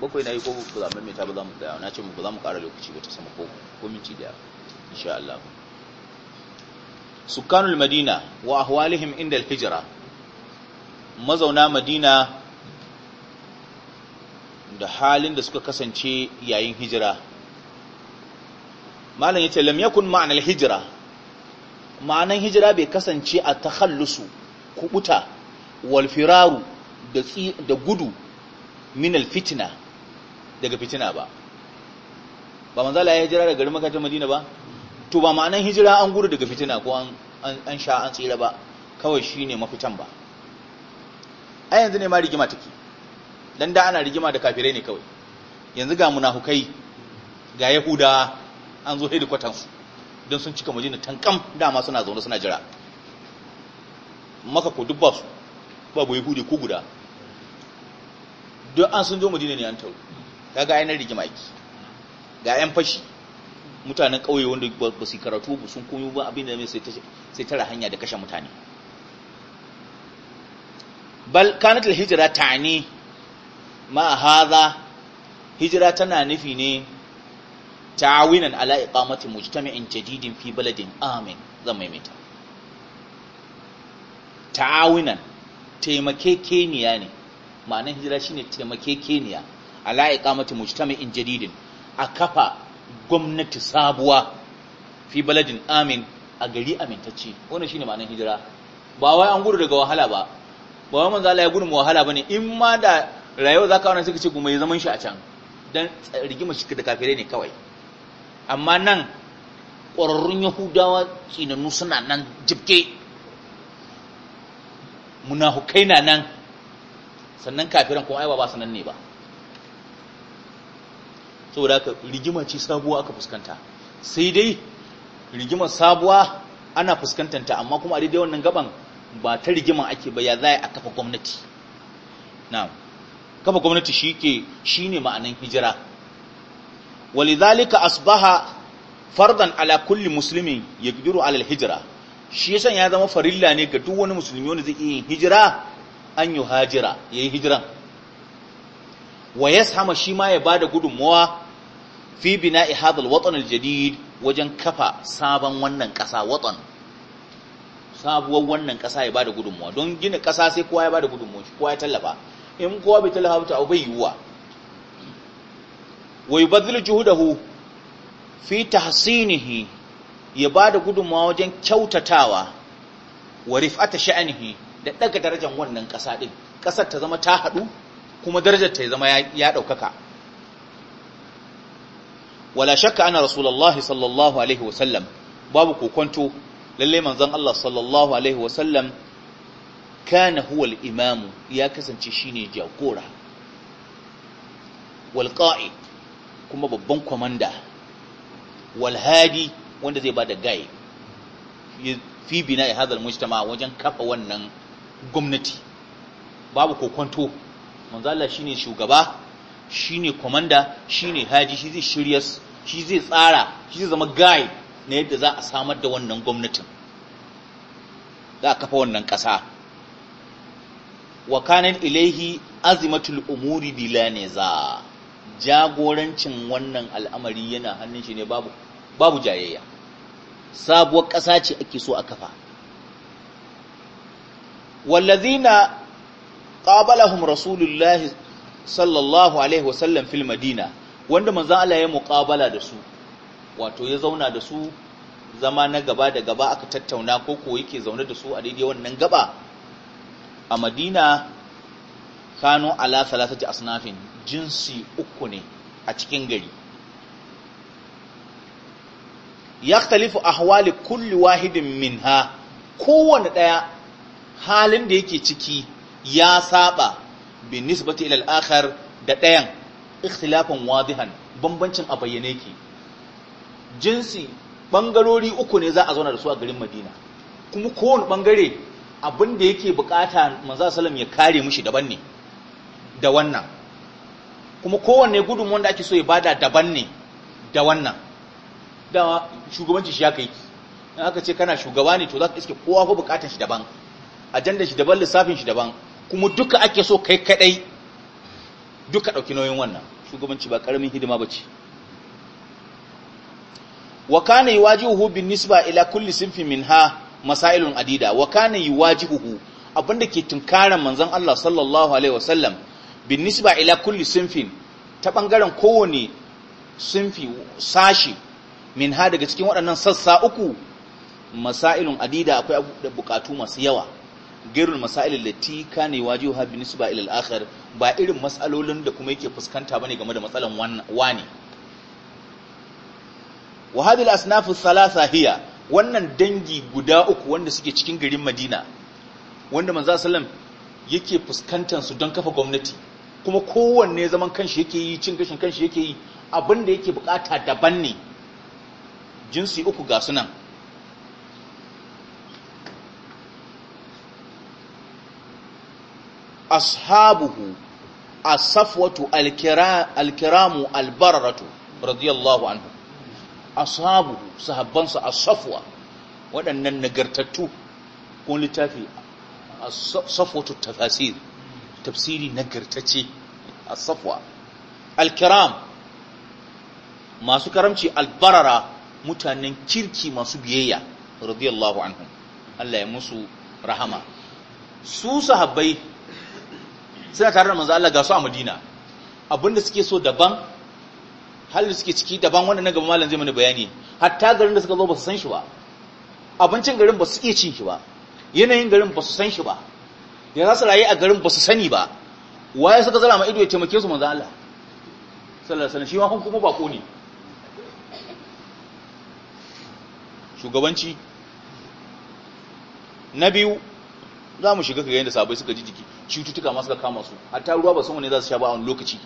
bakwai na yi ko ba za mu mai ta ba za mu tsaya na ce mu ba za mu kara lokaci ba ta sama ko ko minti da insha Allah sukanul madina wa ahwalihim inda al-hijra mazauna madina da halin da suka kasance yayin hijira malam yace lam yakun ma'na al-hijra ma'anan hijira bai kasance a takhallusu kubuta wal firaru da gudu min al-fitna daga fitina ba ba manzala ya hijira daga garin makatar madina ba to ba ma'anan hijira an gudu daga fitina ko an sha an tsira ba kawai shi ne mafitan ba a yanzu ne ma rigima take don da ana rigima da kafirai ne kawai yanzu ga munafukai ga yahuda an zo su, don sun cika majina tankam dama suna zaune suna jira maka ko dubba su babu yahudi ko guda don an sun zo madina ne an taru kaga ainihin rigimaki ga 'yan fashi mutanen ƙauye wanda ba su karatu ba sun koyo ba abin da sai tara hanya da kashe mutane bal kanatul hijira tani ma hadha hijira tana nufi ne ta'awinan ala iqamati mujtami'in jadidin fi baladin amin zan maimaita ta'awinan taimakekeniya ne ma'anar hijira shine taimakekeniya ala iqamati mujtama'in jadidin a kafa gwamnati sabuwa fi baladin amin a gari amintacce wannan shine ma'anar hijira ba wai an gudu daga wahala ba ba wai manzo Allah ya gudu mu wahala bane in ma da rayuwa zaka wannan suka ce ku mai zaman shi a can dan rigima shi da kafirai ne kawai amma nan ƙwararrun yahudawa kinanu suna nan jibke munahukai na nan sannan kafiran kuma ai ba ba nan ne ba saboda aka rigima ce sabuwa aka fuskanta sai dai rigimar sabuwa ana fuskantanta amma kuma a daidai wannan gaban ba ta rigima ake ba ya za a kafa gwamnati na'am kafa gwamnati shi ne ma'anan hijira walizalika asbaha fardan ala kulli muslimin yaqdiru alal hijira shi yasan ya zama farilla ne ga duk wani musulmi wanda zai yi hijira an yi hajira yi hijiran wa ma shi ma ya bada gudunmowa? fi bina hadal watan aljadid wajen kafa sabon wannan ƙasa watan sabuwar wannan ƙasa ya bada gudunmuwa don gina ƙasa sai kowa ya bada gudunmuwa kowa ya tallafa in kowa bai tallafa ta bai yiwuwa wa yubadhilu juhudahu fi tahsinihi ya bada gudunmuwa wajen kyautatawa wa rif'ata sha'anihi da daga darajar wannan ƙasa din ƙasar ta zama ta haɗu kuma darajar ta zama ya ɗaukaka wala shakka ana rasulullahi sallallahu alaihi wasallam babu kokonto lalle manzon Allah sallallahu alaihi wasallam kana huwa al-imam ya kasance shine jagora wal qa'id kuma babban komanda wal hadi wanda zai bada gai fi bina ya hadal mujtama wajen kafa wannan gwamnati babu kokonto manzo Allah shine shugaba Shi ne komanda ne haji shi zai shirya shi zai tsara shi zai zama guy na yadda za a samar da wannan gwamnatin za a kafa wannan ƙasa wa kanan ilaihi azimatul umuri bila niza jagorancin wannan al'amari yana hannun shi ne babu jayayya sabuwar ƙasa ce ake so a kafa wallazina qabalahum rasulullahi sallallahu alaihi wasallam fil madina wanda manzon Allah ya muqabala da su wato ya zauna da su zama na gaba da gaba aka tattauna ko ko yake zaune da su a daidai wannan gaba a madina kanu ala salasati asnafin jinsi uku ne a cikin gari yaktalifu ahwali kulli wahidin minha kowanne daya halin da yake ciki ya saba bin nisbati ila al-akhar da ɗayan ikhtilafan wadihan bambancin a bayyane ki jinsi ɓangarori uku ne za a zauna da su a garin Madina kuma kowane bangare abin da yake bukata manzo sallam ya kare mushi daban ne da wannan kuma kowanne gudun wanda ake so ya bada daban ne da wannan da shugabanci shi yake yi in aka ce kana shugaba ne to za ka iske kowa fa bukatun shi daban ajandar shi daban lissafin shi daban kuma duka ake so kai kadai duka ɗauki nauyin wannan shugabanci ba karamin hidima ba ce wa kana yuwajihuhu bin nisba ila kulli min minha masailun adida wa kana yuwajihuhu abinda ke tunkaran manzon Allah sallallahu alaihi wasallam bin nisba ila kulli sinfin ta bangaren kowane sinfi sashi minha daga cikin waɗannan sassa uku masailun adida akwai bukatu masu yawa gairul masailil lati kana wajihuha bi nisba ila al-akhar ba irin matsalolin da kuma yake fuskanta bane game da matsalan wani wa hadhihi al-asnaf thalatha hiya wannan dangi guda uku wanda suke cikin garin Madina wanda manzo sallam yake fuskantar su don kafa gwamnati kuma kowanne zaman kanshi yake yi cin gashin kanshi yake yi abinda yake bukata daban ne jinsi uku ga sunan ashabuhu asafwatu alkiramu albararatu radiyallahu anhu ashabuhu sahabbansa asafwa waɗannan nagartattu kun littafi asafwatu tafasir tafsiri nagartacce asafwa alkiram masu karamci albarara mutanen kirki masu biyayya radiyallahu anhu. Allah ya musu rahama su sahabbai suna tare da manzo Allah ga su a Madina abinda suke so daban halin suke ciki daban wanda na gaba malam zai mana bayani hatta garin da suka zo ba su san shi ba abincin garin ba su iya cin shi ba yanayin garin ba su san shi ba ya za su rayu a garin ba su sani ba waye suka zara ma ido ya taimake su manzo Allah sallallahu alaihi shi ma kuma bako ne shugabanci na biyu za mu shiga kaga yadda sabai suka ji jiki cututtuka masu ka kama su hatta ruwa ba sun wani za su sha ba a wani lokaci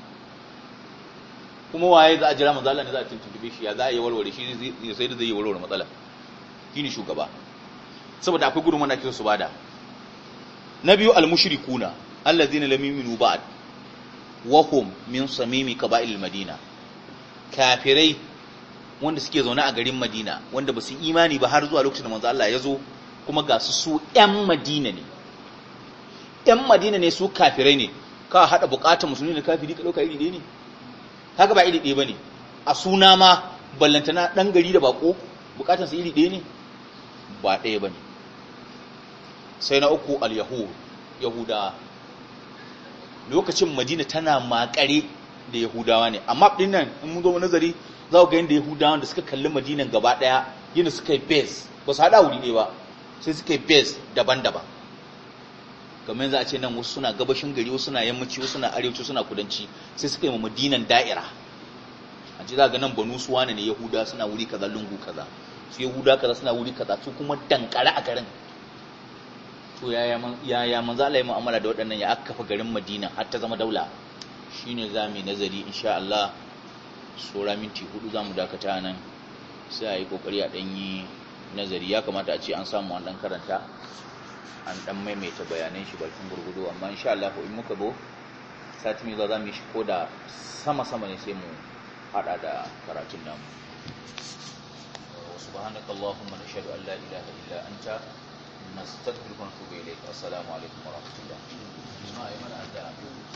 kuma waye za a jira mazala ne za a tuntube shi ya za a yi warware shi sai da zai yi warware matsala Shi ne shugaba saboda akwai gurin wanda kisa su bada na biyu al-mushrikuna allazina lam yu'minu ba'd wa hum min samimi qaba'il madina kafirai wanda suke zaune a garin madina wanda ba su imani ba har zuwa lokacin da manzo Allah ya zo kuma ga su su 'yan madina ne 'yan madina ne su kafirai ne ka haɗa buƙatar musulmi da kafiri ka dauka iri ɗaya ne haka ba iri ɗaya ba ne a suna ma ballantana dan gari da bako baƙo su iri ɗaya ne ba ɗaya ba ne sai na uku al-yahuda lokacin madina tana makare da yahudawa ne amma ɗin nan in mun zo nazari za ku ga yadda yahudawa da suka kalli madinan gaba ɗaya yadda suka yi base ba su haɗa wuri ɗaya ba sai suka yi base daban-daban kamar za a ce nan wasu suna gabashin gari wasu suna yammaci wasu suna arewaci suna kudanci sai suka yi madinan da'ira a ce za ga nan banu suwa ne yahuda suna wuri kaza lungu kaza su yahuda kaza suna wuri kaza su kuma dankara a garin to yaya manzo Allah ya mu'amala da waɗannan ya aka kafa garin Madina har ta zama daula shine za mu nazari insha Allah sura minti hudu za mu dakata nan sai a yi kokari a ɗanyi nazari ya kamata a ce an samu wannan ɗan karanta an dan maimaita bayanan shi bakin gurgudu amma insha Allah in muka zo sati mai za mu yi shi ko da sama sama ne sai mu hada da karatun namu سبحانك اللهم نشهد ان لا اله الا انت نستغفرك ونتوب اليك السلام عليكم ورحمه الله